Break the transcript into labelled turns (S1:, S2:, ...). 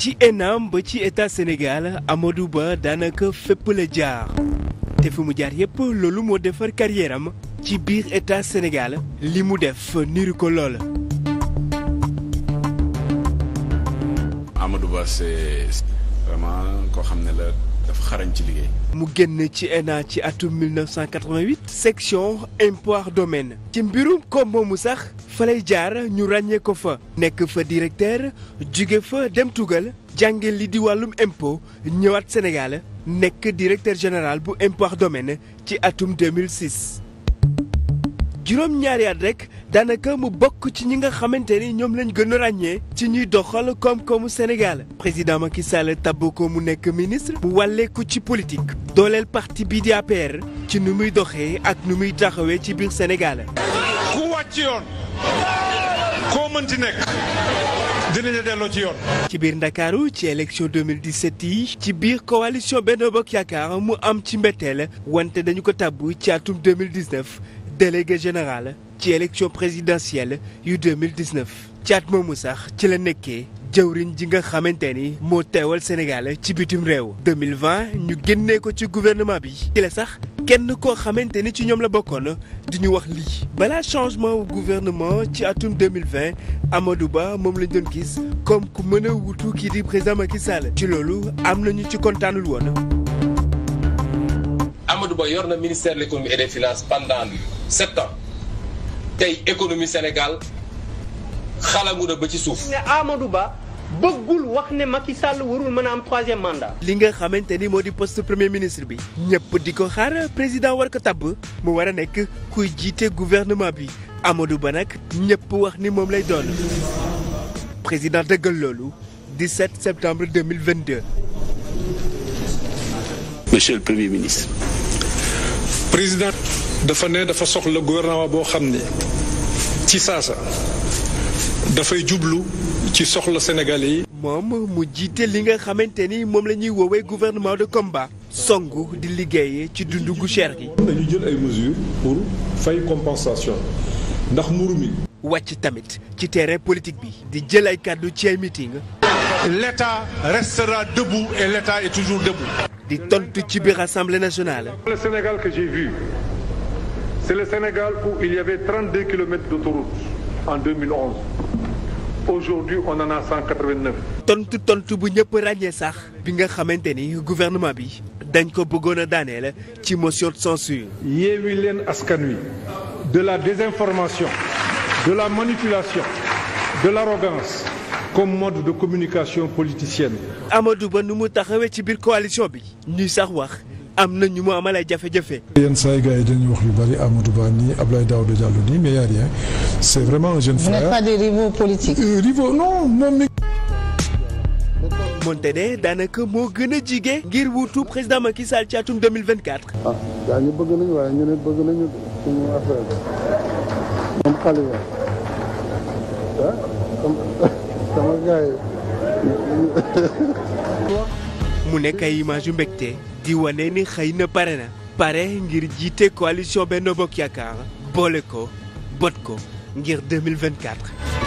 S1: ci ENAM ba ci état senegal Amadou Ba daanaka fépp la jaar te fi mu jaar yépp loolu moo defar carrière ci biir état senegal li mu def niru ko lool. Amadou Ba c'est vraiment koo xam ne la. dafa mu génn ci ENA ci atum 1988 section impôts domaine ci mbirum koom moomu sax fa jaar ñu ràññee ko fa nekk fa directeur jóge fa dem tugal jànge li di wàllum impôt ñëwaat Sénégal nekk directeur général bu impôts domaine ci atum 2006 juróom ñaari at rek. daanaka mu bokk ci ñi nga xamante ni ñoom lañ gën a ràññee ci ñuy doxal koom-koomu Sénégal président Macky Sall tabb ko mu nekk ministre bu wàlleeku ci politique dooleel parti bii di APR ci nu muy doxee ak nu muy taxawee ci biir Sénégal ku wàcc yoon koo mënti nekk dinañu delloo ci yoon. ci biir Ndakaaru ci élection 2017 yi ci biir coalition Benno Bokk Yaakaar mu am ci mbetteel wante dañu ko tabb ci atum 2019 délégué général ci élection présidentielle yu 2019 ci at moomu sax ci la nekkee jëwriñ ji nga xamante ni moo teewal Sénégal ci bitim réew 2020 ñu génnee ko ci gouvernement bi ci la sax kenn koo xamante ni ci ñoom la bokkoon di ñu wax lii balaa changement wu ci atum 2020 Amadou Ba moom lañ doon gis comme ku mën a wutu kii di président ma Macky Sall ci loolu am nañu ci kontaanul woon Amadou Ba yor na ministère de l'économie et des finances pendant sept tey économie Sénégal xalangu na ba ci suuf. ne Amadou Ba bëggul wax ne Macky Sall warul mën a am troisième mandat. li nga xamante ni moo di poste premier ministre bi. ñëpp di ko xaar président war ko tabb mu war a nekk kuy jiite gouvernement bi amadu Ba nag ñëpp wax ni moom lay doon président dëggal loolu 17 septembre 2022. monsieur le premier ministre. président dafa ne dafa soxla gouvernement boo xam ne ci saasa dafay jublu ci soxla Sénégal yi. moom mu jiite li nga xamante ni moom la ñuy woowee gouvernement de combat. songu di liggéey ci dundu gu cher gi. dañu jël ay mesures ndax mburu mi. wàcc tamit ci terrain politique bi. di jël ay kàddu ci ay meeting. l'État restera debout et l'État est toujours debout. di tontu ci biir assemblée nationale. le Sénégal que j'ai vu c'est le Sénégal où il y avait 32 kilomètres d'autoroute en 2011 aujourd'hui on en a 189. tontu tontu bu ñëpp ràññee sax bi nga xamante ni gouvernement bi dañ ko bëggoon a daaneel ci motion de censure. yeewi leen askan wi de la désinformation de la manipulation de l'arrogance comme mode de communication politicienne. Amadou Ba nu mu taxawee ci biir coalition bi ñuy sax wax am na ñu mu amal ay jafe-jafe. yenn saa yi gars yi dañuy wax yu bari Amadou Ba nii Abdoulaye Daouda Diallo nii mais y a rien c'est vraiment un jeune frère. Vous n'êtes euh, moonte de daanaka moo gën a jige ngir wuutu président Macky Sall ci atum 2024. ah daañu bëgg nañu waaye bëgg nañu suñu mu nekk ay image yu mbégte di wane ni xëy na pare na pare ngir jiite coalition benn Bokk Yaakaar boole ko bot ko ngir 2024